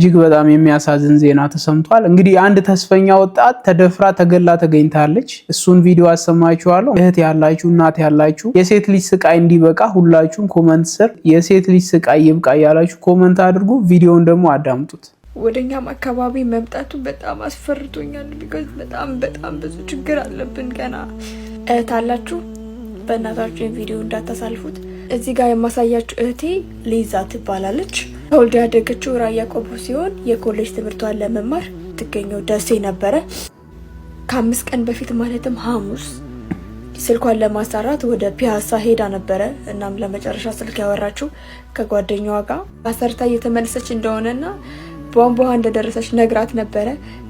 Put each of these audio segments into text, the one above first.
እጅግ በጣም የሚያሳዝን ዜና ተሰምቷል። እንግዲህ አንድ ተስፈኛ ወጣት ተደፍራ ተገላ ተገኝታለች። እሱን ቪዲዮ አሰማችኋለሁ። እህት ያላችሁ እናት ያላችሁ የሴት ልጅ ስቃይ እንዲበቃ ሁላችሁም ኮመንት ስር የሴት ልጅ ስቃይ ይብቃ እያላችሁ ኮመንት አድርጉ። ቪዲዮውን ደግሞ አዳምጡት። ወደኛም አካባቢ መምጣቱ በጣም አስፈርቶኛል። ቢኮዝ በጣም በጣም ብዙ ችግር አለብን ገና። እህት አላችሁ በእናታችሁ ቪዲዮ እንዳታሳልፉት። እዚህ ጋር የማሳያችሁ እህቴ ሊዛ ትባላለች። ተወልዳ ያደገችው ራያ ቆቦ ሲሆን የኮሌጅ ትምህርቷን ለመማር ትገኘው ደሴ ነበረ። ከአምስት ቀን በፊት ማለትም ሐሙስ ስልኳን ለማሰራት ወደ ፒያሳ ሄዳ ነበረ። እናም ለመጨረሻ ስልክ ያወራችው ከጓደኛዋ ጋር አሰርታ እየተመለሰች እንደሆነና ቧንቧ እንደደረሰች ነግራት ነበረ።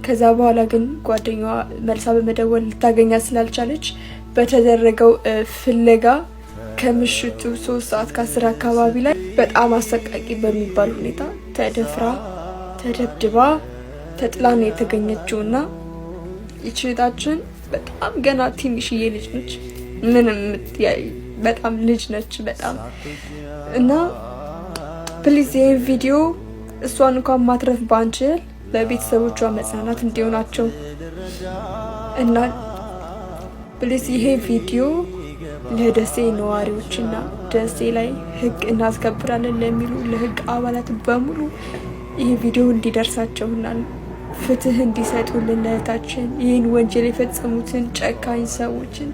ከዛ በኋላ ግን ጓደኛዋ መልሳ በመደወል ልታገኛት ስላልቻለች በተደረገው ፍለጋ ከምሽቱ ሶስት ሰዓት ከአስር አካባቢ ላይ በጣም አሰቃቂ በሚባል ሁኔታ ተደፍራ ተደብድባ ተጥላ ነው የተገኘችው እና ይችታችን በጣም ገና ትንሽዬ ልጅ ነች። ምንም በጣም ልጅ ነች በጣም እና ፕሊዝ ይህን ቪዲዮ እሷን እንኳን ማትረፍ ባንችል ለቤተሰቦቿ መጽናናት እንዲሆናቸው እና ፕሊዝ ይሄ ቪዲዮ ለደሴ ነዋሪዎችና ደሴ ላይ ህግ እናስከብራለን ለሚሉ ለህግ አባላት በሙሉ ይህ ቪዲዮ እንዲደርሳቸውና ፍትህ እንዲሰጡልን እህታችን ይህን ወንጀል የፈጸሙትን ጨካኝ ሰዎችን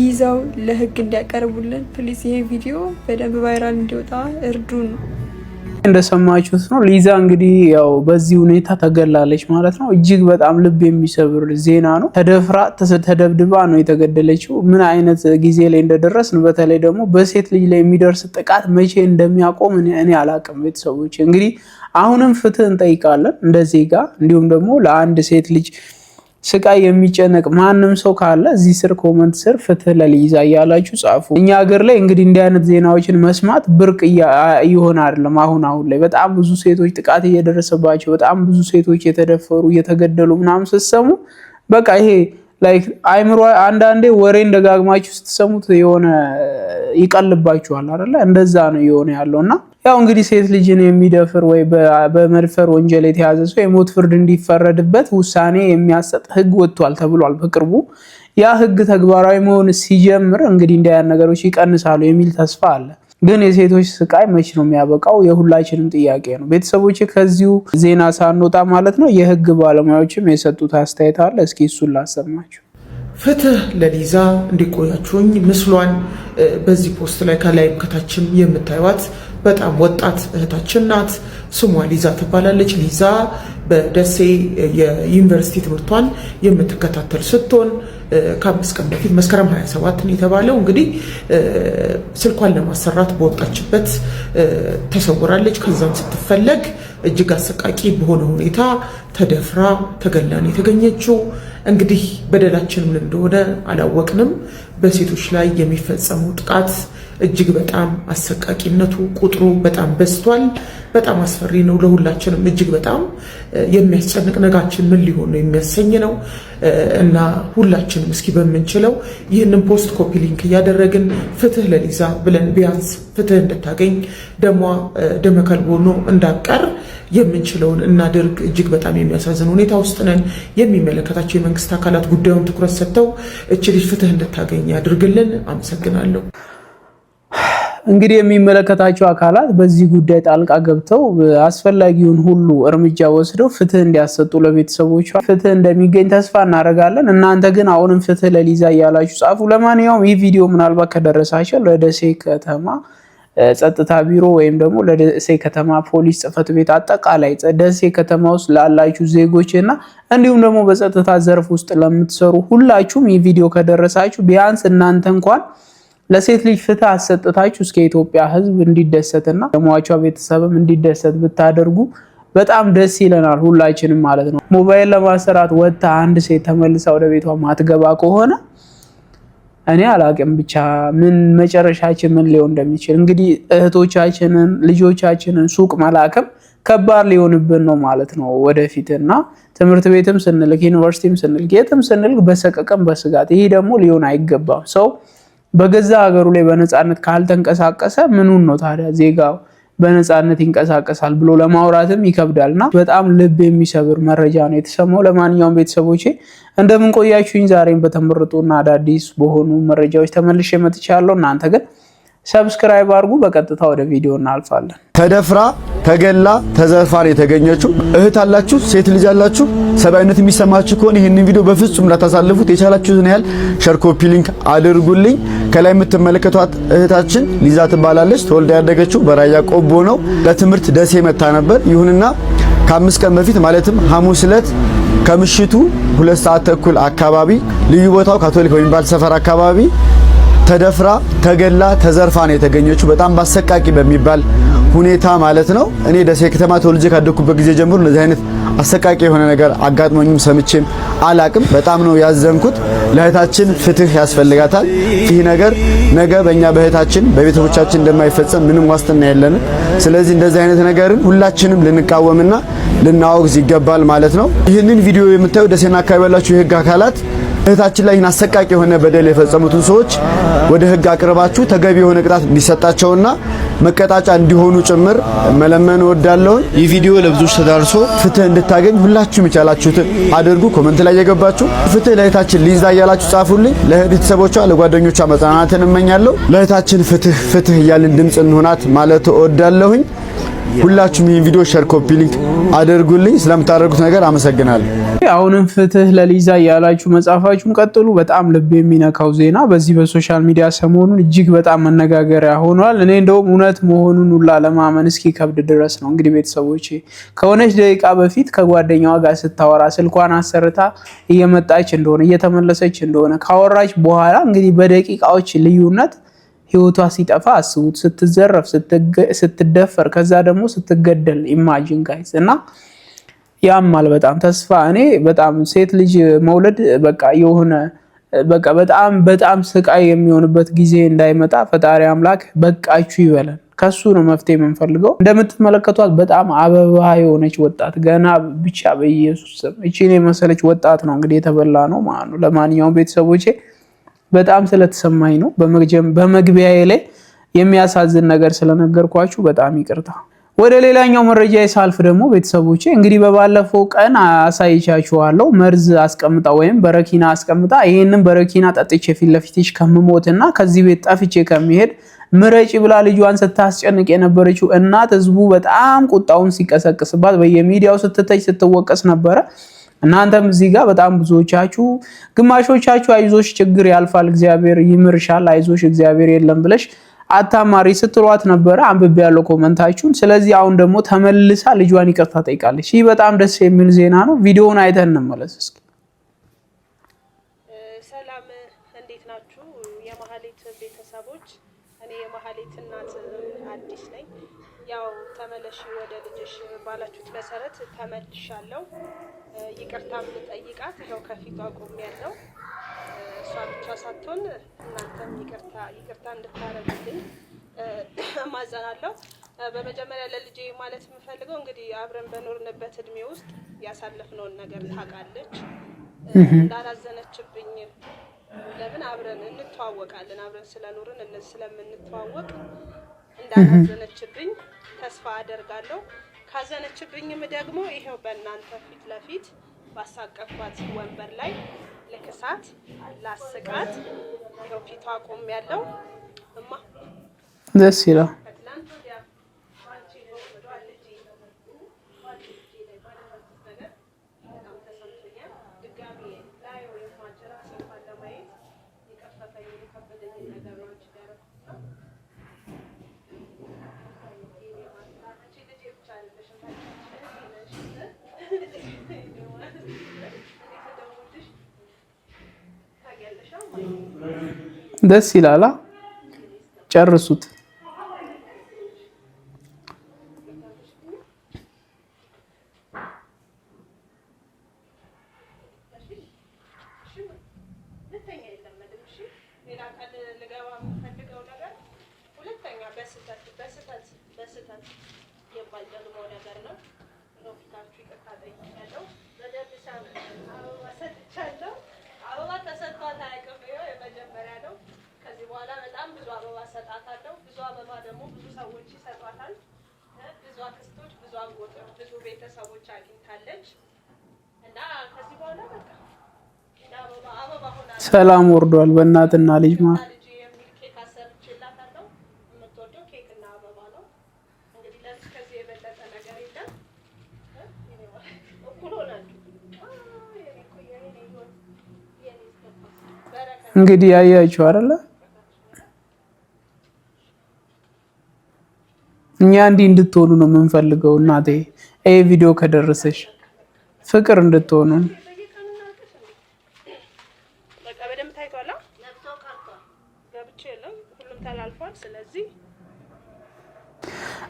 ይዘው ለህግ እንዲያቀርቡልን ፕሊዝ። ይህ ቪዲዮ በደንብ ቫይራል እንዲወጣ እርዱን። እንደሰማችሁት ነው። ሊዛ እንግዲህ ያው በዚህ ሁኔታ ተገላለች ማለት ነው። እጅግ በጣም ልብ የሚሰብር ዜና ነው። ተደፍራ ተደብድባ ነው የተገደለችው። ምን አይነት ጊዜ ላይ እንደደረስን በተለይ ደግሞ በሴት ልጅ ላይ የሚደርስ ጥቃት መቼ እንደሚያቆም እኔ አላቅም። ቤተሰቦች እንግዲህ አሁንም ፍትህ እንጠይቃለን እንደ ዜጋ እንዲሁም ደግሞ ለአንድ ሴት ልጅ ስቃይ የሚጨነቅ ማንም ሰው ካለ እዚህ ስር ኮመንት ስር ፍትህ ለሊዛ እያላችሁ ጻፉ። እኛ ሀገር ላይ እንግዲህ እንዲህ አይነት ዜናዎችን መስማት ብርቅ እየሆነ አይደለም። አሁን አሁን ላይ በጣም ብዙ ሴቶች ጥቃት እየደረሰባቸው፣ በጣም ብዙ ሴቶች የተደፈሩ እየተገደሉ ምናምን ስትሰሙ በቃ ይሄ ላይክ አይምሮ አንዳንዴ ወሬን ደጋግማችሁ ስትሰሙት የሆነ ይቀልባችኋል አይደለ? እንደዛ ነው የሆነ ያለው እና ያው እንግዲህ ሴት ልጅን የሚደፍር ወይ በመድፈር ወንጀል የተያዘ ሰው የሞት ፍርድ እንዲፈረድበት ውሳኔ የሚያሰጥ ህግ ወጥቷል ተብሏል በቅርቡ። ያ ህግ ተግባራዊ መሆን ሲጀምር እንግዲህ እንዳያን ነገሮች ይቀንሳሉ የሚል ተስፋ አለ። ግን የሴቶች ስቃይ መች ነው የሚያበቃው? የሁላችንም ጥያቄ ነው። ቤተሰቦች ከዚሁ ዜና ሳንወጣ ማለት ነው የህግ ባለሙያዎችም የሰጡት አስተያየት አለ። እስኪ እሱን ላሰማችሁ። ፍትህ ለሊዛ እንዲቆያችሁኝ ምስሏን በዚህ ፖስት ላይ ከላይም ከታችም የምታዩት በጣም ወጣት እህታችን ናት። ስሟ ሊዛ ትባላለች። ሊዛ በደሴ የዩኒቨርሲቲ ትምህርቷን የምትከታተል ስትሆን ከአምስት ቀን በፊት መስከረም 27 የተባለው እንግዲህ ስልኳን ለማሰራት በወጣችበት ተሰውራለች። ከዛም ስትፈለግ እጅግ አሰቃቂ በሆነ ሁኔታ ተደፍራ ተገላን የተገኘችው እንግዲህ በደላችንም እንደሆነ አላወቅንም። በሴቶች ላይ የሚፈጸመው ጥቃት እጅግ በጣም አሰቃቂነቱ ቁጥሩ በጣም በዝቷል። በጣም አስፈሪ ነው ለሁላችንም። እጅግ በጣም የሚያስጨንቅ ነጋችን ምን ሊሆን ነው የሚያሰኝ ነው እና ሁላችንም እስኪ በምንችለው ይህንን ፖስት ኮፒ ሊንክ እያደረግን ፍትህ ለሊዛ ብለን ቢያንስ ፍትህ እንድታገኝ ደሟ ደመ ሆኖ እንዳቀር የምንችለውን እናድርግ። እጅግ በጣም የሚያሳዝን ሁኔታ ውስጥ ነን። የሚመለከታቸው የመንግስት አካላት ጉዳዩን ትኩረት ሰጥተው እች ልጅ ፍትህ እንድታገኝ ያድርግልን። አመሰግናለሁ። እንግዲህ የሚመለከታቸው አካላት በዚህ ጉዳይ ጣልቃ ገብተው አስፈላጊውን ሁሉ እርምጃ ወስደው ፍትህ እንዲያሰጡ ለቤተሰቦቿ ፍትህ እንደሚገኝ ተስፋ እናደርጋለን። እናንተ ግን አሁንም ፍትህ ለሊዛ እያላችሁ ጻፉ። ለማንኛውም ይህ ቪዲዮ ምናልባት ከደረሳቸው ለደሴ ከተማ ጸጥታ ቢሮ ወይም ደግሞ ለደሴ ከተማ ፖሊስ ጽፈት ቤት አጠቃላይ ደሴ ከተማ ውስጥ ላላችሁ ዜጎች እና እንዲሁም ደግሞ በጸጥታ ዘርፍ ውስጥ ለምትሰሩ ሁላችሁም ይህ ቪዲዮ ከደረሳችሁ ቢያንስ እናንተ እንኳን ለሴት ልጅ ፍትህ አሰጥታችሁ እስከ ኢትዮጵያ ሕዝብ እንዲደሰትና ለሟቿ ቤተሰብም እንዲደሰት ብታደርጉ በጣም ደስ ይለናል ሁላችንም ማለት ነው። ሞባይል ለማሰራት ወጥታ አንድ ሴት ተመልሳ ወደ ቤቷ ማትገባ ከሆነ እኔ አላቅም ብቻ ምን መጨረሻችን ምን ሊሆን እንደሚችል እንግዲህ እህቶቻችንን ልጆቻችንን ሱቅ መላክም ከባድ ሊሆንብን ነው ማለት ነው ወደፊት እና ትምህርት ቤትም ስንልክ ዩኒቨርሲቲም ስንልክ የትም ስንልክ በሰቀቀም በስጋት ይሄ ደግሞ ሊሆን አይገባም ሰው በገዛ ሀገሩ ላይ በነፃነት ካልተንቀሳቀሰ ምኑን ነው ታዲያ ዜጋው በነፃነት ይንቀሳቀሳል ብሎ ለማውራትም ይከብዳል እና በጣም ልብ የሚሰብር መረጃ ነው የተሰማው። ለማንኛውም ቤተሰቦቼ እንደምንቆያችሁኝ ቆያችሁኝ? ዛሬም በተመረጡና አዳዲስ በሆኑ መረጃዎች ተመልሼ መጥቻለሁ። እናንተ ግን ሰብስክራይብ አድርጉ። በቀጥታ ወደ ቪዲዮ እናልፋለን። ተደፍራ ተገላ ተዘርፋን የተገኘችው እህት አላችሁ፣ ሴት ልጅ አላችሁ፣ ሰብአዊነት የሚሰማችሁ ከሆነ ይህንን ቪዲዮ በፍጹም እንዳታሳልፉት። የቻላችሁትን ያህል ሸር፣ ኮፒ ሊንክ አድርጉልኝ። ከላይ የምትመለከቷት እህታችን ሊዛ ትባላለች። ተወልዳ ያደገችው በራያ ቆቦ ነው። ለትምህርት ደሴ መታ ነበር። ይሁንና ከአምስት ቀን በፊት ማለትም ሐሙስ ለት ከምሽቱ ሁለት ሰዓት ተኩል አካባቢ ልዩ ቦታው ካቶሊክ በሚባል ሰፈር አካባቢ ተደፍራ ተገላ ተዘርፋ ነው የተገኘችው። በጣም ባሰቃቂ በሚባል ሁኔታ ማለት ነው። እኔ ደሴ ከተማ ተወልጄ ካደኩበት ጊዜ ጀምሮ እንደዚህ አይነት አሰቃቂ የሆነ ነገር አጋጥሞኝም ሰምቼም አላቅም። በጣም ነው ያዘንኩት። ለእህታችን ፍትህ ያስፈልጋታል። ይህ ነገር ነገ በእኛ በእህታችን በቤተሰቦቻችን እንደማይፈጸም ምንም ዋስትና የለንም። ስለዚህ እንደዚህ አይነት ነገርን ሁላችንም ልንቃወምና ልናወግዝ ይገባል ማለት ነው። ይህንን ቪዲዮ የምታዩ ደሴና አካባቢ ያላችሁ የህግ አካላት እህታችን ላይ አሰቃቂ የሆነ በደል የፈጸሙትን ሰዎች ወደ ህግ አቅርባችሁ ተገቢ የሆነ ቅጣት እንዲሰጣቸውና መቀጣጫ እንዲሆኑ ጭምር መለመን እወዳለሁ። ይህ ቪዲዮ ለብዙዎች ተዳርሶ ፍትህ እንድታገኝ ሁላችሁም የቻላችሁትን አድርጉ። ኮመንት ላይ የገባችሁ ፍትህ ለእህታችን ሊዛ እያላችሁ ጻፉልኝ። ለቤተሰቦቿ ለጓደኞቿ መጽናናትን እመኛለሁ። ለእህታችን ፍትህ ፍትህ እያልን ድምፅ እንሆናት ማለት እወዳለሁኝ። ሁላችሁም ይህን ቪዲዮ ሸር፣ ኮፒ ሊንክ አድርጉልኝ። ስለምታደርጉት ነገር አመሰግናለሁ። አሁንም ፍትህ ለሊዛ ያላችሁ መጻፋችሁን ቀጥሉ። በጣም ልብ የሚነካው ዜና በዚህ በሶሻል ሚዲያ ሰሞኑን እጅግ በጣም መነጋገሪያ ሆኗል። እኔ እንደውም እውነት መሆኑን ሁላ ለማመን እስኪ ከብድ ድረስ ነው። እንግዲህ ቤተሰቦች ከሆነች ደቂቃ በፊት ከጓደኛዋ ጋር ስታወራ ስልኳን አሰርታ እየመጣች እንደሆነ እየተመለሰች እንደሆነ ካወራች በኋላ እንግዲህ በደቂቃዎች ልዩነት ህይወቷ ሲጠፋ አስቡት። ስትዘረፍ፣ ስትደፈር፣ ከዛ ደግሞ ስትገደል። ኢማጂን ጋይስ እና ያማል በጣም ተስፋ። እኔ በጣም ሴት ልጅ መውለድ በቃ የሆነ በቃ በጣም በጣም ስቃይ የሚሆንበት ጊዜ እንዳይመጣ ፈጣሪ አምላክ በቃችሁ ይበለን። ከሱ ነው መፍትሄ የምንፈልገው። እንደምትመለከቷት በጣም አበባ የሆነች ወጣት ገና ብቻ በኢየሱስ ስም እቺን የመሰለች ወጣት ነው እንግዲህ የተበላ ነው ማለት ነው። ለማንኛውም ቤተሰቦቼ በጣም ስለተሰማኝ ነው። በመግቢያዬ ላይ የሚያሳዝን ነገር ስለነገርኳችሁ በጣም ይቅርታ። ወደ ሌላኛው መረጃ ሳልፍ ደግሞ ቤተሰቦቼ እንግዲህ በባለፈው ቀን አሳይቻችኋለሁ። መርዝ አስቀምጣ ወይም በረኪና አስቀምጣ ይህንም በረኪና ጠጥቼ ፊት ለፊትሽ ከምሞትና ከዚህ ቤት ጠፍቼ ከሚሄድ ምረጭ ብላ ልጇን ስታስጨንቅ የነበረችው እናት ህዝቡ በጣም ቁጣውን ሲቀሰቅስባት በየሚዲያው ስትተች ስትወቀስ ነበረ። እናንተም እዚህ ጋር በጣም ብዙዎቻችሁ ግማሾቻችሁ አይዞሽ ችግር ያልፋል እግዚአብሔር ይምርሻል አይዞሽ እግዚአብሔር የለም ብለሽ አታማሪ ስትሏት ነበረ። አንብቤ ያለው ኮመንታችሁን። ስለዚህ አሁን ደግሞ ተመልሳ ልጇን ይቅርታ ጠይቃለች። ይህ በጣም ደስ የሚል ዜና ነው። ቪዲዮውን አይተን እንመለስ እስኪ። ሰላም እንዴት ናችሁ? የማህሌት ቤተሰቦች፣ እኔ የማህሌት እናት አዲስ ነኝ። ያው ተመለሽ ወደ ልጅሽ ባላችሁት መሰረት ተመልሻለሁ። ይቅርታም ልጠይቃት ይኸው ከፊቷ ያለው እሷ ብቻ ሳትሆን እናንተም ይቅርታ ይቅርታ እንድታረግልኝ እማጸናለሁ። በመጀመሪያ ለልጄ ማለት የምፈልገው እንግዲህ አብረን በኖርንበት እድሜ ውስጥ ያሳለፍነውን ነገር ታውቃለች። እንዳላዘነችብኝ ለምን አብረን እንተዋወቃለን፣ አብረን ስለኖርን ስለምንተዋወቅ እንዳላዘነችብኝ ተስፋ አደርጋለሁ። ካዘነችብኝም ደግሞ ይሄው በእናንተ ፊት ለፊት ባሳቀፏት ወንበር ላይ ልክሳት ላስቃት። ይሄው ፊቷ ቆም ያለው እማ ደስ ይላል። ደስ ይላላ። ጨርሱት። ሰላም ወርዷል። በእናትና ልጅ ማ እንግዲህ ያያችሁ አይደለ? እኛ እንዲህ እንድትሆኑ ነው የምንፈልገው እናቴ። ይሄ ቪዲዮ ከደረሰሽ ፍቅር እንድትሆኑ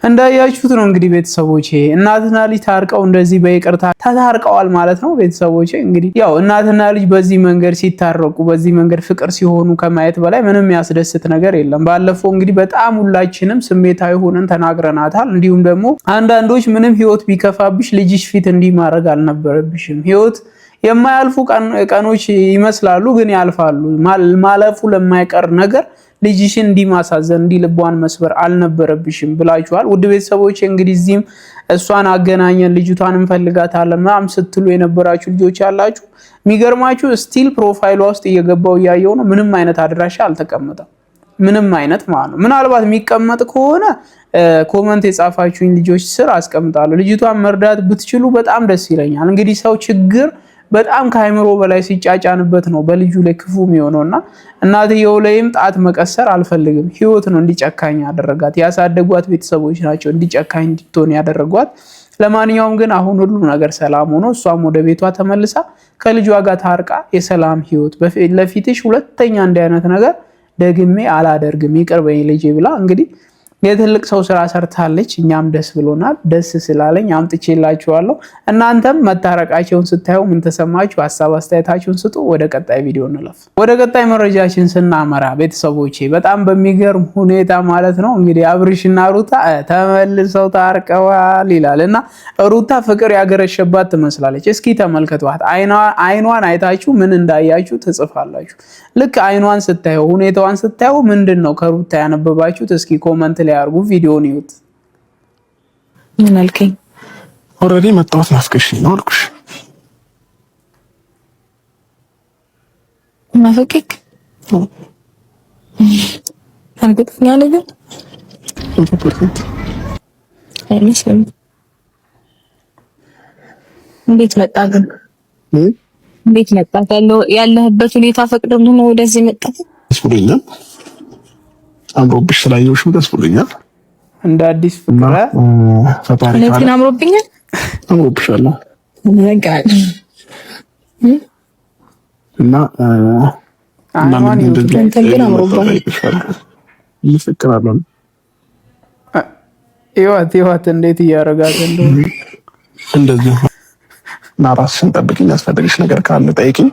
እንዳያችሁት ነው እንግዲህ ቤተሰቦቼ እናትና ልጅ ታርቀው እንደዚህ በይቅርታ ተታርቀዋል ማለት ነው። ቤተሰቦቼ እንግዲህ ያው እናትና ልጅ በዚህ መንገድ ሲታረቁ፣ በዚህ መንገድ ፍቅር ሲሆኑ ከማየት በላይ ምንም ያስደስት ነገር የለም። ባለፈው እንግዲህ በጣም ሁላችንም ስሜታዊ ሆነን ተናግረናታል። እንዲሁም ደግሞ አንዳንዶች ምንም ህይወት ቢከፋብሽ ልጅሽ ፊት እንዲህ ማድረግ አልነበረብሽም ህይወት የማያልፉ ቀኖች ይመስላሉ፣ ግን ያልፋሉ። ማለፉ ለማይቀር ነገር ልጅሽን እንዲህ ማሳዘን እንዲህ ልቧን መስበር አልነበረብሽም ብላችኋል። ውድ ቤተሰቦች እንግዲህ እዚህም እሷን አገናኘን ልጅቷን እንፈልጋታለን ምናምን ስትሉ የነበራችሁ ልጆች ያላችሁ የሚገርማችሁ ስቲል ፕሮፋይሏ ውስጥ እየገባው እያየው ነው። ምንም አይነት አድራሻ አልተቀመጠም። ምንም አይነት ማለት ነው። ምናልባት የሚቀመጥ ከሆነ ኮመንት የጻፋችሁኝ ልጆች ስር አስቀምጣለሁ። ልጅቷን መርዳት ብትችሉ በጣም ደስ ይለኛል። እንግዲህ ሰው ችግር በጣም ከአይምሮ በላይ ሲጫጫንበት ነው በልጁ ላይ ክፉ የሚሆነው እና እናትየው ላይም ጣት መቀሰር አልፈልግም። ህይወት ነው እንዲጨካኝ ያደረጋት፣ ያሳደጓት ቤተሰቦች ናቸው እንዲጨካኝ እንድትሆን ያደረጓት። ለማንኛውም ግን አሁን ሁሉ ነገር ሰላም ሆኖ እሷም ወደ ቤቷ ተመልሳ ከልጇ ጋር ታርቃ የሰላም ህይወት፣ ለፊትሽ ሁለተኛ እንዲህ አይነት ነገር ደግሜ አላደርግም ይቅር በይ ልጄ ብላ እንግዲህ የትልቅ ሰው ስራ ሰርታለች። እኛም ደስ ብሎናል። ደስ ስላለኝ አምጥቼላችኋለሁ። እናንተም መታረቃቸውን ስታዩ ምን ተሰማችሁ? ሀሳብ አስተያየታችሁን ስጡ። ወደ ቀጣይ ቪዲዮ እንለፍ። ወደ ቀጣይ መረጃችን ስናመራ ቤተሰቦቼ በጣም በሚገርም ሁኔታ ማለት ነው እንግዲህ አብርሽና ሩታ ተመልሰው ታርቀዋል ይላል እና ሩታ ፍቅር ያገረሸባት ትመስላለች። እስኪ ተመልከቷት። አይኗን አይታችሁ ምን እንዳያችሁ ትጽፋላችሁ። ልክ አይኗን ስታየው ሁኔታዋን ስታየው ምንድን ነው ከሩታ ያነበባችሁት? እስኪ ኮመንት ላይ እንዳያርጉ ቪዲዮን ይዩት። ምን አልከኝ? ኦልሬዲ መጣሁት ናፍቀሽኝ ነው አልኩሽ። ናፍቄክ እርግጠኛ ነህ ግን እንዴት መጣ ግን? እንዴት መጣ? ያለህበት ሁኔታ ፈቅዶ ነው ወደዚህ መጣ? አምሮብሽ ስላየሁሽም ደስ ብሎኛል። እንደ አዲስ ፍቅረ ፈጣሪ ካለ አምሮብኛል፣ አምሮብሻል እና እንዴት እያደረጋት እንደዚህ እና ራስሽን ጠብቂ። የሚያስፈልግሽ ነገር ካለ ጠይቂኝ፣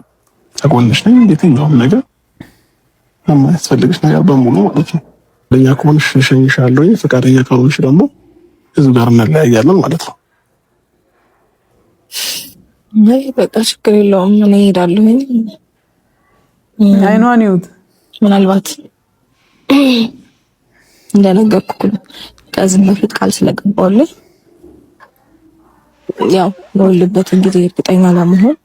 ነኝ። የትኛውም ነገር የማያስፈልግሽ ነገር በሙሉ ማለት ነው ለኛ ከሆንሽ እሸኝሻለሁኝ፣ ፈቃደኛ ከሆንሽ ደግሞ እዚህ ጋር እንለያያለን ማለት ነው። አይ በቃ ችግር የለውም እኔ እሄዳለሁኝ። አይኗን ይሁት ምናልባት እንደነገርኩ ከዚህ በፊት ቃል ስለገባሁልኝ ያው በወልበትን ጊዜ እርግጠኛ ለመሆን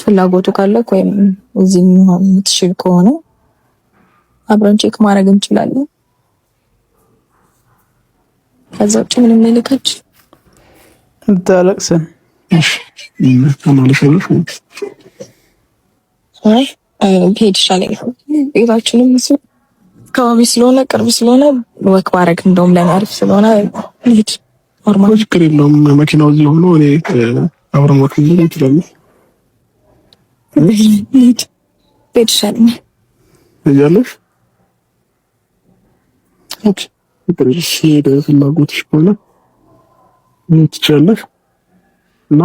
ፍላጎቱ ካለ ወይም እዚህ የሚሆን የምትችል ከሆነ አብረን ቼክ ማድረግ እንችላለን። ከዛ ውጭ ምንም ልልከች እንታለቅሰን ሄድ አካባቢ ስለሆነ ቅርብ ስለሆነ ወክ ማድረግ እንደውም ስለሆነ ሄድ ኖርማል፣ ችግር የለውም። መኪናው እዚህ ሆኖ እኔ አብረን ወክ ሄድ ይሻለኛል እያለሽ ፍላጎት ሄደ ፍላጎትሽ ከሆነ ምን እና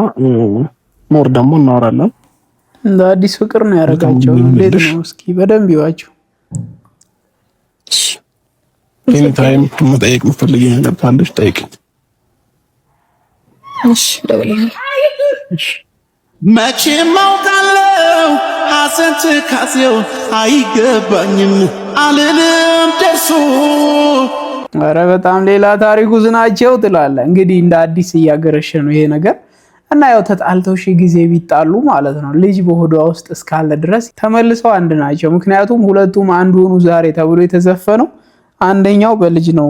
ሞር ደግሞ እናወራለን። እንደ አዲስ ፍቅር ነው ያደረጋቸው። እንዴት ነው እስኪ በደንብ ይዋቸው። ኤኒ ታይም መጠየቅ የምትፈልጊ ነገር ካለሽ መቼም አውቃለሁ ካሴው አይገባኝም አልልም ደርሱ ኧረ በጣም ሌላ ታሪኩ ዝናቸው ትላለ። እንግዲህ እንደ አዲስ እያገረሸ ነው ይሄ ነገር እና ያው ተጣልተው ሺ ጊዜ ቢጣሉ ማለት ነው ልጅ በሆዷ ውስጥ እስካለ ድረስ ተመልሰው አንድ ናቸው። ምክንያቱም ሁለቱም አንድ ሆኑ ዛሬ ተብሎ የተዘፈነው አንደኛው በልጅ ነው።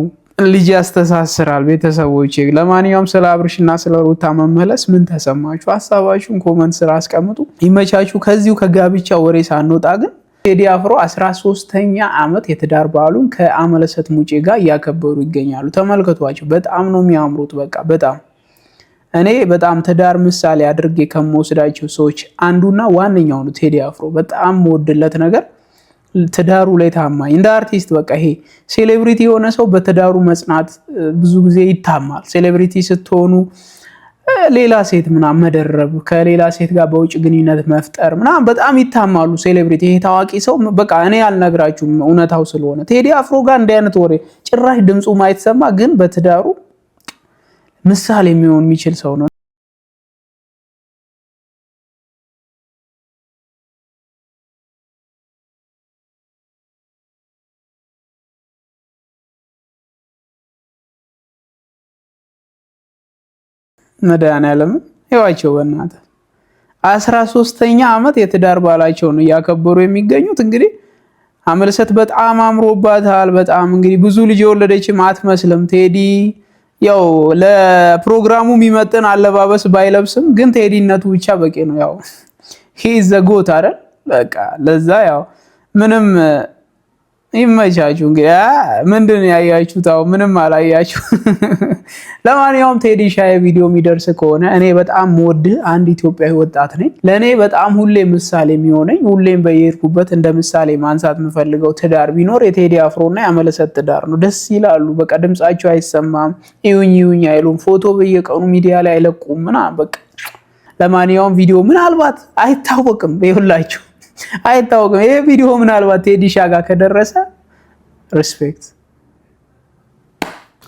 ልጅ ያስተሳስራል። ቤተሰቦች ለማንኛውም ስለ አብርሽና ስለ ሩታ መመለስ ምን ተሰማችሁ? ሀሳባችሁን ኮመንት ስራ አስቀምጡ። ይመቻችሁ። ከዚሁ ከጋብቻ ወሬ ሳንወጣ ግን ቴዲ አፍሮ 13ኛ ዓመት የትዳር በዓሉን ከአመለሰት ሙጬ ጋር እያከበሩ ይገኛሉ። ተመልከቷቸው፣ በጣም ነው የሚያምሩት። በቃ በጣም እኔ በጣም ትዳር ምሳሌ አድርጌ ከምወስዳቸው ሰዎች አንዱና ዋነኛው ነው ቴዲ አፍሮ። በጣም መወድለት ነገር ትዳሩ ላይ ታማኝ እንደ አርቲስት በቃ ይሄ ሴሌብሪቲ የሆነ ሰው በትዳሩ መጽናት ብዙ ጊዜ ይታማል። ሴሌብሪቲ ስትሆኑ ሌላ ሴት ምናምን መደረብ ከሌላ ሴት ጋር በውጭ ግንኙነት መፍጠር ምናምን በጣም ይታማሉ። ሴሌብሪቲ ይሄ ታዋቂ ሰው በቃ እኔ አልነግራችሁም እውነታው ስለሆነ ቴዲ አፍሮ ጋር እንዲህ አይነት ወሬ ጭራሽ ድምፁ ማይተሰማ ግን በትዳሩ ምሳሌ የሚሆን የሚችል ሰው ነው። መድኃኒዓለምን ይዋቸው በእናተ አስራ ሶስተኛ ዓመት የትዳር ባላቸውን እያከበሩ የሚገኙት እንግዲህ አመልሰት በጣም አምሮባታል። በጣም እንግዲህ ብዙ ልጅ የወለደችም አትመስልም። ቴዲ ያው ለፕሮግራሙ የሚመጥን አለባበስ ባይለብስም ግን ቴዲነቱ ብቻ በቂ ነው። ያው ሂ ዘጎት አይደል በቃ ለዛ ያው ምንም ይመቻችሁ እንግዲህ ምንድን ያያችሁት? አሁን ምንም አላያችሁ። ለማንኛውም ቴዲ ሻይ ቪዲዮ የሚደርስ ከሆነ እኔ በጣም ሞድ አንድ ኢትዮጵያዊ ወጣት ነኝ። ለእኔ በጣም ሁሌ ምሳሌ የሚሆነኝ ሁሌም በየሄድኩበት እንደ ምሳሌ ማንሳት የምፈልገው ትዳር ቢኖር የቴዲ አፍሮና ያመለሰት ትዳር ነው። ደስ ይላሉ። በቃ ድምጻቸው አይሰማም፣ ይሁኝ ይሁኝ አይሉም፣ ፎቶ በየቀኑ ሚዲያ ላይ አይለቁም ምና በቃ ለማንኛውም ቪዲዮ ምናልባት አይታወቅም ይሁላችሁ አይታወቅም። ይሄ ቪዲዮ ምናልባት ቴዲሻ ጋር ከደረሰ ሪስፔክት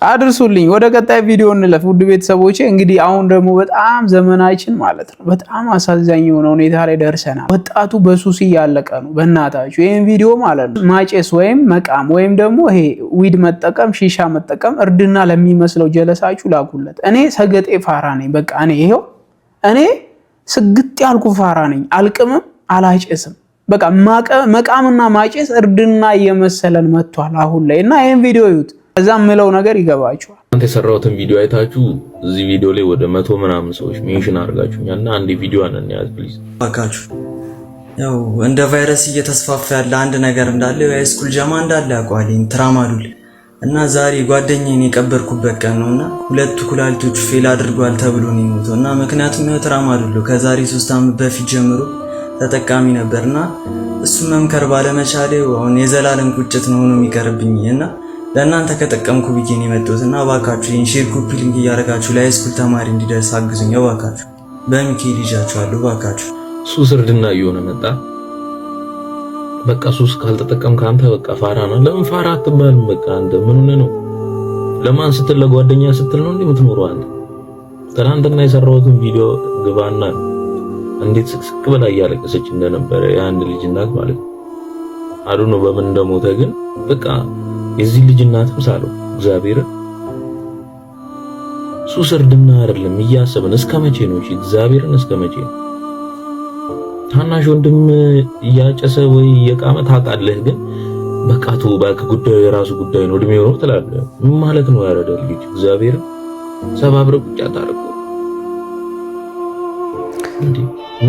አድርሱልኝ። ወደ ቀጣይ ቪዲዮ እንለፍ። ውድ ቤተሰቦቼ እንግዲህ አሁን ደግሞ በጣም ዘመናችን ማለት ነው በጣም አሳዛኝ የሆነ ሁኔታ ላይ ደርሰናል። ወጣቱ በሱስ እያለቀ ነው። በእናታችሁ ይህም ቪዲዮ ማለት ነው ማጨስ ወይም መቃም ወይም ደግሞ ይሄ ዊድ መጠቀም፣ ሺሻ መጠቀም እርድና ለሚመስለው ጀለሳችሁ ላኩለት። እኔ ሰገጤ ፋራ ነኝ። በቃ እኔ ይሄው እኔ ስግጥ ያልኩ ፋራ ነኝ። አልቅምም፣ አላጨስም በቃ መቃምና ማጨስ እርድና እየመሰለን መጥቷል አሁን ላይ እና ይህን ቪዲዮ ይዩት። እዛ የምለው ነገር ይገባቸዋል። አንተ የሰራሁትን ቪዲዮ አይታችሁ እዚህ ቪዲዮ ላይ ወደ መቶ ምናምን ሰዎች ሜንሽን አድርጋችሁኛል እና አንድ ቪዲዮ አነን ያዝ ፕሊዝ ባካችሁ። ያው እንደ ቫይረስ እየተስፋፋ ያለ አንድ ነገር እንዳለ የሃይስኩል ጀማ እንዳለ ያውቀዋለኝ ትራማዱል እና ዛሬ ጓደኛዬን የቀበርኩበት ቀን ነው እና ሁለቱ ኩላሊቶቹ ፌል አድርጓል ተብሎ ነው የሞተው እና ምክንያቱም ያው ትራማዱል ከዛሬ ሶስት ዓመት በፊት ጀምሮ ተጠቃሚ ነበርና እሱ መምከር ባለመቻሌ አሁን የዘላለም ቁጭት ነው ሆኖ የሚቀርብኝ እና ለእናንተ ከጠቀምኩ ብዬ ነው የመጡት እና እባካችሁ ይህን ሼር ኮፒ ሊንክ እያደረጋችሁ ለሃይስኩል ተማሪ እንዲደርስ አግዙኝ እባካችሁ። በሚኬ ልጃችኋለሁ እባካችሁ። ሱስ እርድና እየሆነ መጣ። በቃ ሱስ ካልተጠቀም ከአንተ በቃ ፋራ ነው። ለምን ፋራ አትባልም? በቃ አንተ ምን ሆነህ ነው? ለማን ስትል ለጓደኛ ስትል ነው እንዴ የምትኖረው አንተ? ትናንትና የሰራሁትን ቪዲዮ ግባና እንዴት ስቅስቅ ብላ እያለቀሰች እንደነበረ የአንድ ልጅ እናት ማለት ነው። አዱኖ በምን እንደሞተ ግን በቃ የዚህ ልጅ እናትም ሳለው እግዚአብሔር ሱስ እርድና አይደለም እያሰብን እስከ መቼ ነው? እሺ እግዚአብሔርን እስከ መቼ ነው? ታናሽ ወንድም እያጨሰ ወይ እየቃመ ታውቃለህ፣ ግን በቃ ተው እባክህ፣ ጉዳዩ የራሱ ጉዳይ ነው፣ እድሜው ነው ትላለህ። ምን ማለት ነው? ያረደ ልጅ እግዚአብሔርን ሰባብረ ቁጫ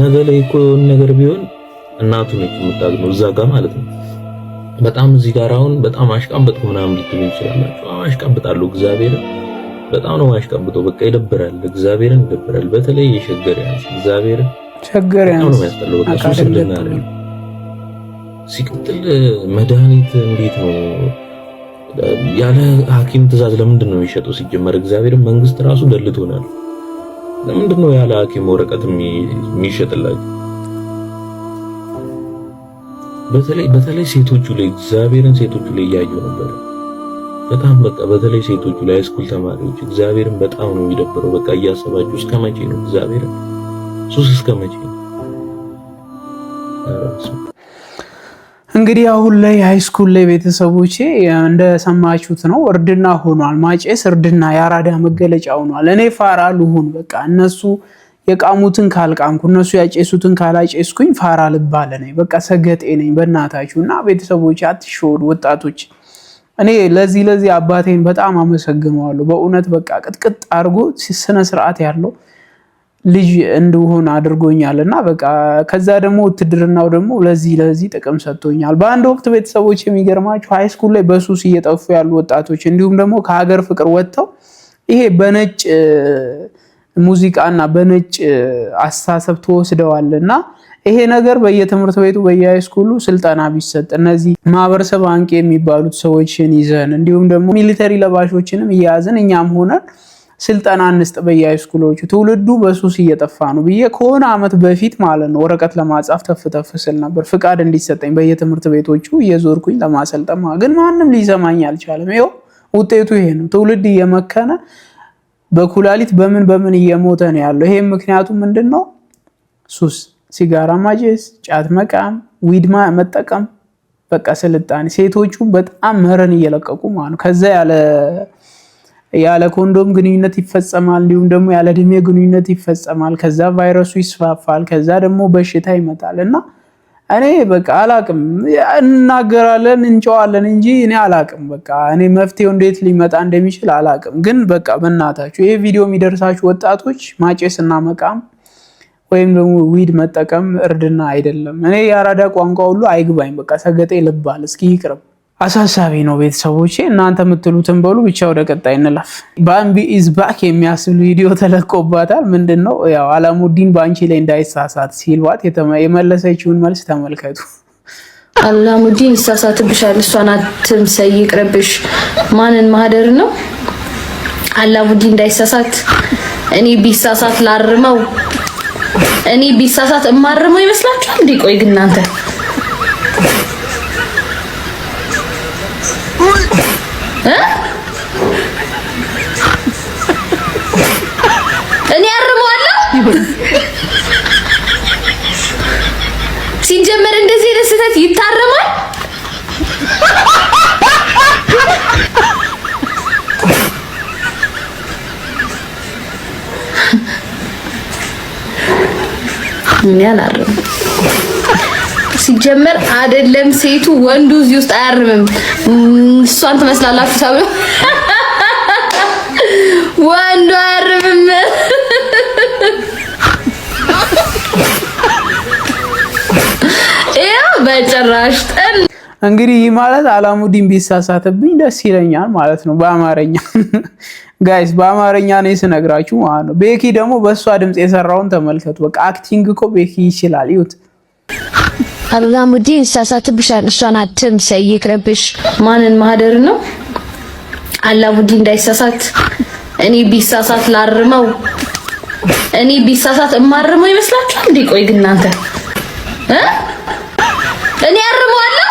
ነገ ላይ እኮ የሆነ ነገር ቢሆን እናቱ ነች የምታዝነው እዛ ጋር ማለት ነው። በጣም እዚህ ጋር አሁን በጣም አሽቃበጥኩ ምናምን ልትሉ ይችላላችሁ። አሽቃብጣለሁ፣ እግዚአብሔርን በጣም ነው አሽቃብጠው። በቃ ይደብራል፣ እግዚአብሔርን ይደብራል። በተለይ የሸገር ያንስ እግዚአብሔር ቸገር ያንስ ነው በቃ ሲቀጥል መድኃኒት እንዴት ነው ያለ ሐኪም ትእዛዝ ለምንድን ነው የሚሸጠው? ሲጀመር እግዚአብሔር መንግስት ራሱ ደልቶናል። ለምንድን ነው ያለ ሐኪም ወረቀት የሚሸጥላችሁ? በተለይ በተለይ ሴቶቹ ላይ እግዚአብሔርን ሴቶቹ ላይ እያየሁ ነበር። በጣም በቃ በተለይ ሴቶቹ ላይ ስኩል ተማሪዎች እግዚአብሔርን በጣም ነው የሚደብረው። በቃ እያሰባችሁ እስከ መቼ ነው እግዚአብሔርን ሱስ እስከ መቼ ነው? እንግዲህ አሁን ላይ ሃይስኩል ላይ ቤተሰቦቼ እንደሰማችሁት ነው፣ እርድና ሆኗል። ማጨስ እርድና የአራዳ መገለጫ ሆኗል። እኔ ፋራ ልሁን በቃ እነሱ የቃሙትን ካልቃምኩ እነሱ ያጨሱትን ካላጨስኩኝ ፋራ ልባለ ነኝ፣ በቃ ሰገጤ ነኝ። በእናታችሁ እና ቤተሰቦች አትሸወዱ ወጣቶች። እኔ ለዚህ ለዚህ አባቴን በጣም አመሰግነዋለሁ በእውነት በቃ ቅጥቅጥ አድርጎ ስነስርዓት ያለው ልጅ እንደሆን አድርጎኛል እና በቃ ከዛ ደግሞ ውትድርናው ደግሞ ለዚህ ለዚህ ጥቅም ሰጥቶኛል። በአንድ ወቅት ቤተሰቦች የሚገርማቸው ሃይስኩል ላይ በሱስ እየጠፉ ያሉ ወጣቶች እንዲሁም ደግሞ ከሀገር ፍቅር ወጥተው ይሄ በነጭ ሙዚቃና በነጭ አስተሳሰብ ተወስደዋል እና ይሄ ነገር በየትምህርት ቤቱ በየሃይስኩሉ ስልጠና ቢሰጥ እነዚህ ማህበረሰብ አንቂ የሚባሉት ሰዎችን ይዘን እንዲሁም ደግሞ ሚሊተሪ ለባሾችንም እያያዝን እኛም ሆነን ስልጠና እንስጥ በየሃይስኩሎቹ ትውልዱ በሱስ እየጠፋ ነው ብዬ ከሆነ አመት በፊት ማለት ነው ወረቀት ለማጻፍ ተፍተፍ ስል ነበር ፍቃድ እንዲሰጠኝ በየትምህርት ቤቶቹ እየዞርኩኝ ለማሰልጠማ፣ ግን ማንም ሊሰማኝ አልቻለም። ይኸው ውጤቱ ይሄ ነው። ትውልድ እየመከነ በኩላሊት በምን በምን እየሞተ ነው ያለው። ይሄም ምክንያቱ ምንድን ነው? ሱስ፣ ሲጋራ ማጀስ፣ ጫት መቃም፣ ዊድማ መጠቀም፣ በቃ ስልጣኔ ሴቶቹ በጣም መረን እየለቀቁ ማለት ነው ከዛ ያለ ያለ ኮንዶም ግንኙነት ይፈጸማል። እንዲሁም ደግሞ ያለ እድሜ ግንኙነት ይፈጸማል። ከዛ ቫይረሱ ይስፋፋል። ከዛ ደግሞ በሽታ ይመጣል እና እኔ በቃ አላቅም። እናገራለን እንጨዋለን እንጂ እኔ አላቅም። በቃ እኔ መፍትሄው እንዴት ሊመጣ እንደሚችል አላቅም። ግን በቃ በእናታችሁ ይሄ ቪዲዮ የሚደርሳችሁ ወጣቶች እና መቃም ወይም ደግሞ ዊድ መጠቀም እርድና አይደለም። እኔ የአራዳ ቋንቋ ሁሉ አይግባኝ። በቃ ሰገጤ ልባል እስኪ ይቅርብ። አሳሳቢ ነው። ቤተሰቦቼ እናንተ የምትሉትን በሉ። ብቻ ወደ ቀጣይ እንለፍ። ባምቢ ኢዝ ባክ የሚያስብል ቪዲዮ ተለቆባታል። ምንድን ነው ያው አላሙዲን በአንቺ ላይ እንዳይሳሳት ሲልባት የመለሰችውን መልስ ተመልከቱ። አላሙዲን ይሳሳትብሻል፣ እሷን አትምሰይ፣ ይቅርብሽ። ማንን ማህደር ነው? አላሙዲን እንዳይሳሳት እኔ ቢሳሳት ላርመው፣ እኔ ቢሳሳት እማርመው ይመስላችኋል? እንዲቆይ ግን እናንተ እኔ አርመዋለሁ። ሲጀመር እንደዚህ አይነት ስህተት ይታረማል። እኔ አላርም ሲጀመር አይደለም ሴቱ ወንዱ እዚህ ውስጥ አያርምም። እሷን ትመስላላችሁ ተብሎ ወንዱ አያርምም። ይኸው በጭራሽ እንግዲህ ይህ ማለት አላሙዲን ቢሳሳትብኝ ደስ ይለኛል ማለት ነው። በአማርኛ ጋይስ፣ በአማርኛ ነው ስነግራችሁ ማለት ነው። ቤኪ ደግሞ በእሷ ድምፅ የሰራውን ተመልከቱ። በቃ አክቲንግ እኮ ቤኪ ይችላል። ይዩት አላሙዲን ሳሳትብሻል። እሷን አትምሰይ፣ ይቅርብሽ። ማንን ማህደር ነው? አላሙዲን እንዳይሳሳት እኔ ቢሳሳት ላርመው። እኔ ቢሳሳት እማርመው ይመስላችኋል? እንዴ ቆይ ግን እናንተ እኔ አርመዋለሁ?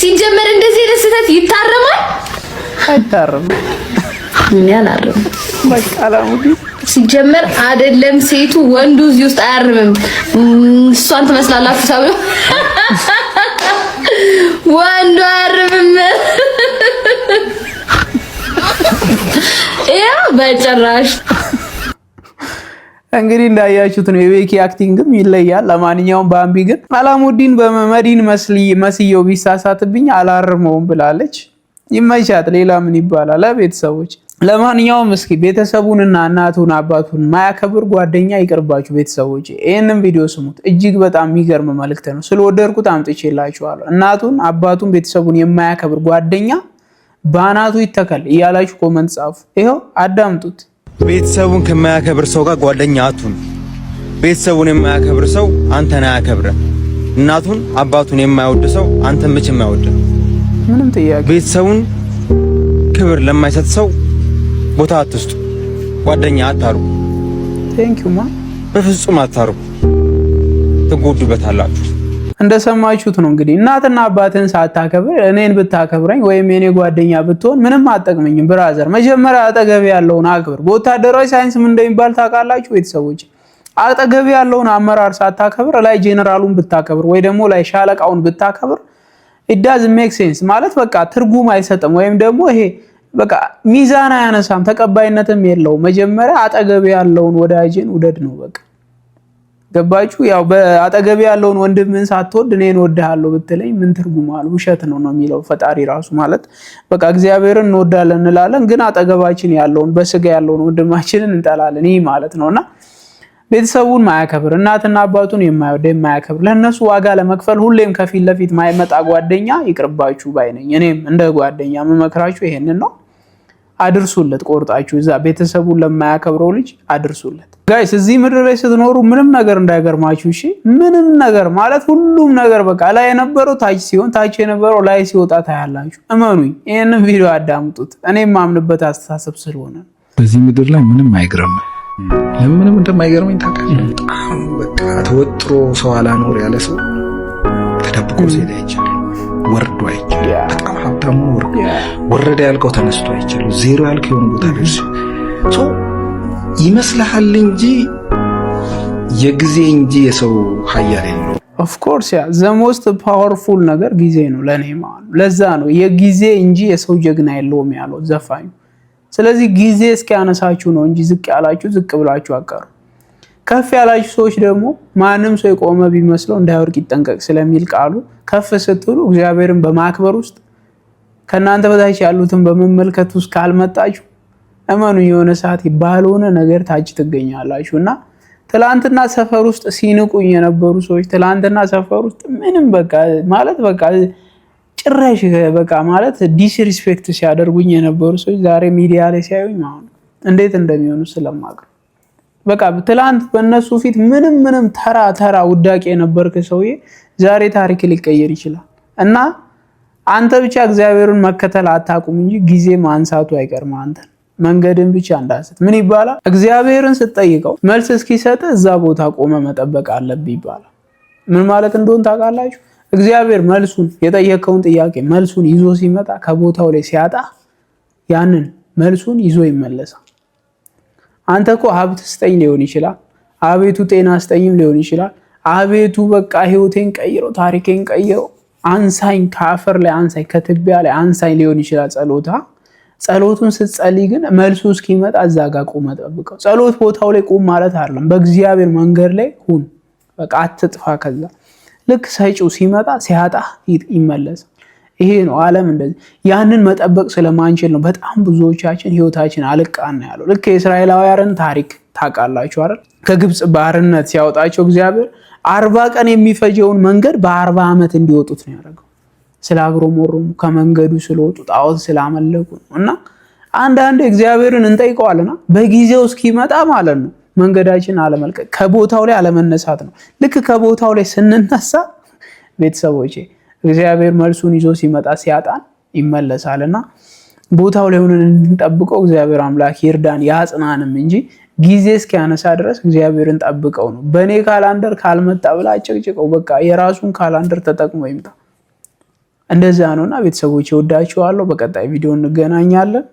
ሲጀመር እንደዚህ አይነት ስህተት ይታረማል? አይታረም። እኔ አላርም። በቃ አላሙዲን ሲጀመር አይደለም ሴቱ ወንዱ እዚህ ውስጥ አያርምም። እሷን ትመስላላችሁ ተብሎ ወንዱ አያርምም። ያ በጭራሽ እንግዲህ እንዳያችሁት ነው። የቤኪ አክቲንግም ይለያል። ለማንኛውም ባምቢ ግን አላሙዲን በመዲን መስየው ቢሳሳትብኝ አላርመውም ብላለች። ይመቻት። ሌላ ምን ይባላል ቤተሰቦች? ለማንኛውም እስኪ ቤተሰቡንና እናቱን አባቱን ማያከብር ጓደኛ ይቅርባችሁ። ቤተሰቦች ይህንም ቪዲዮ ስሙት፣ እጅግ በጣም የሚገርም መልእክት ነው። ስለወደድኩት አምጥቼላችኋለሁ። እናቱን አባቱን ቤተሰቡን የማያከብር ጓደኛ በአናቱ ይተከል እያላችሁ ኮመንት ጻፉ። ይኸው አዳምጡት። ቤተሰቡን ከማያከብር ሰው ጋር ጓደኛ አቱን። ቤተሰቡን የማያከብር ሰው አንተን አያከብረ። እናቱን አባቱን የማይወድ ሰው አንተን መቼም አይወድ። ምንም ጥያቄ ቤተሰቡን ክብር ለማይሰጥ ሰው ቦታ አትስጡ፣ ጓደኛ አታርጉ። ማ በፍጹም አታሩ፣ ትጎዱበታላችሁ። እንደሰማችሁት ነው እንግዲህ እናትና አባትን ሳታከብር እኔን ብታከብረኝ ወይም የኔ ጓደኛ ብትሆን ምንም አጠቅመኝም። ብራዘር መጀመሪያ አጠገብ ያለውን አክብር። በወታደራዊ ሳይንስ ምን እንደሚባል ታውቃላችሁ ቤተሰቦች? አጠገብ ያለውን አመራር ሳታከብር ላይ ጄኔራሉን ብታከብር ወይ ደግሞ ላይ ሻለቃውን ብታከብር ኢዳዝ ሜክ ሴንስ ማለት በቃ ትርጉም አይሰጥም ወይም ደግሞ ይሄ በቃ ሚዛን አያነሳም፣ ተቀባይነትም የለው። መጀመሪያ አጠገብ ያለውን ወዳጅን ውደድ ነው በቃ ገባችሁ? ያው በአጠገብ ያለውን ወንድምን ሳትወድ እኔን ወድሃለሁ ብትለኝ ምን ትርጉም አለው? ውሸት ነው ነው የሚለው ፈጣሪ ራሱ። ማለት በቃ እግዚአብሔርን እንወዳለን እንላለን፣ ግን አጠገባችን ያለውን በስጋ ያለውን ወንድማችንን እንጠላለን። ይህ ማለት ነውና ቤተሰቡን ማያከብር፣ እናትና አባቱን የማይወደ የማያከብር፣ ለእነሱ ዋጋ ለመክፈል ሁሌም ከፊት ለፊት ማይመጣ ጓደኛ ይቅርባችሁ ነኝ። እኔም እንደ ጓደኛ መመክራችሁ ይሄንን ነው። አድርሱለት ቆርጣችሁ፣ እዛ ቤተሰቡን ለማያከብረው ልጅ አድርሱለት። ጋይስ እዚህ ምድር ላይ ስትኖሩ ምንም ነገር እንዳይገርማችሁ እሺ። ምንም ነገር ማለት ሁሉም ነገር በቃ ላይ የነበረው ታች ሲሆን ታች የነበረው ላይ ሲወጣ ታያላችሁ። እመኑኝ፣ ይህንን ቪዲዮ አዳምጡት። እኔም የማምንበት አስተሳሰብ ስለሆነ በዚህ ምድር ላይ ምንም አይግረማል ለምንም እንደማይገርመኝ ታውቃለህ። በጣም በቃ ተወጥሮ ሰው አላኖር ያለ ሰው ተደብቆ ሲሄድ አይቻልም፣ ወርዶ አይቻልም። በጣም ሀብታሙ ወርዶ ወረደ ያልከው ተነስቶ አይቻልም። ዜሮ ያልከው የሆነ ቦታ ደርሶ ሰው ይመስልሃል እንጂ የጊዜ እንጂ የሰው ሀያል የለው። ኦፍኮርስ ያ ዘሞስት ፓወርፉል ነገር ጊዜ ነው ለእኔ ማለት ለዛ ነው የጊዜ እንጂ የሰው ጀግና የለውም ያለው ዘፋኙ ስለዚህ ጊዜ እስኪያነሳችሁ ነው እንጂ ዝቅ ያላችሁ ዝቅ ብላችሁ አቀሩ። ከፍ ያላችሁ ሰዎች ደግሞ ማንም ሰው የቆመ ቢመስለው እንዳይወድቅ ይጠንቀቅ ስለሚል ቃሉ ከፍ ስትሉ እግዚአብሔርን በማክበር ውስጥ ከእናንተ በታች ያሉትን በመመልከት ውስጥ ካልመጣችሁ እመኑ የሆነ ሰዓት ባልሆነ ነገር ታች ትገኛላችሁ እና ትላንትና ሰፈር ውስጥ ሲንቁኝ የነበሩ ሰዎች ትላንትና ሰፈር ውስጥ ምንም በቃ ማለት በቃ ጭራሽ በቃ ማለት ዲስሪስፔክት ሲያደርጉኝ የነበሩ ሰዎች ዛሬ ሚዲያ ላይ ሲያዩኝ አሁን እንዴት እንደሚሆኑ ስለማቅ በቃ ትላንት በእነሱ ፊት ምንም ምንም ተራ ተራ ውዳቄ የነበርክ ሰውዬ ዛሬ ታሪክ ሊቀየር ይችላል እና አንተ ብቻ እግዚአብሔርን መከተል አታቁም እንጂ ጊዜ ማንሳቱ አይቀርም አንተ መንገድን ብቻ እንዳስት ምን ይባላል እግዚአብሔርን ስትጠይቀው መልስ እስኪሰጥ እዛ ቦታ ቆመ መጠበቅ አለብህ ይባላል ምን ማለት እንደሆን ታውቃላችሁ እግዚአብሔር መልሱን የጠየቀውን ጥያቄ መልሱን ይዞ ሲመጣ ከቦታው ላይ ሲያጣ ያንን መልሱን ይዞ ይመለሳል። አንተ እኮ ሀብት ስጠኝ ሊሆን ይችላል። አቤቱ ጤና ስጠኝም ሊሆን ይችላል። አቤቱ በቃ ህይወቴን ቀይሮ ታሪኬን ቀይሮ አንሳኝ፣ ከአፈር ላይ አንሳኝ፣ ከትቢያ ላይ አንሳኝ ሊሆን ይችላል ጸሎታ። ጸሎቱን ስትጸልይ ግን መልሱ እስኪመጣ እዛ ጋር ቁመ ጠብቀው። ጸሎት ቦታው ላይ ቁም ማለት አይደለም። በእግዚአብሔር መንገድ ላይ ሁን። በቃ አትጥፋ ከዛ ልክ ሰጪው ሲመጣ ሲያጣ ይመለሳል። ይሄ ነው ዓለም እንደዚህ። ያንን መጠበቅ ስለማንችል ነው በጣም ብዙዎቻችን ህይወታችን አልቃና ያለው። ልክ የእስራኤላውያንን ታሪክ ታውቃላችሁ አይደል? ከግብፅ ባርነት ሲያወጣቸው እግዚአብሔር አርባ ቀን የሚፈጀውን መንገድ በአርባ ዓመት እንዲወጡት ነው ያደረገው። ስላጉረመረሙ ከመንገዱ ስለወጡ ጣዖት ስላመለኩ ነው። እና አንዳንድ እግዚአብሔርን እንጠይቀዋልና በጊዜው እስኪመጣ ማለት ነው መንገዳችን አለመልቀቅ ከቦታው ላይ አለመነሳት ነው። ልክ ከቦታው ላይ ስንነሳ ቤተሰቦቼ እግዚአብሔር መልሱን ይዞ ሲመጣ ሲያጣን ይመለሳል እና ቦታው ላይ ሆነን እንድንጠብቀው እግዚአብሔር አምላክ ይርዳን ያጽናንም እንጂ ጊዜ እስኪያነሳ ድረስ እግዚአብሔርን ጠብቀው ነው። በእኔ ካላንደር ካልመጣ ብላ አጨቅጭቀው በቃ የራሱን ካላንደር ተጠቅሞ ይምጣ። እንደዚያ ነውና ቤተሰቦች ወዳችኋለሁ። በቀጣይ ቪዲዮ እንገናኛለን።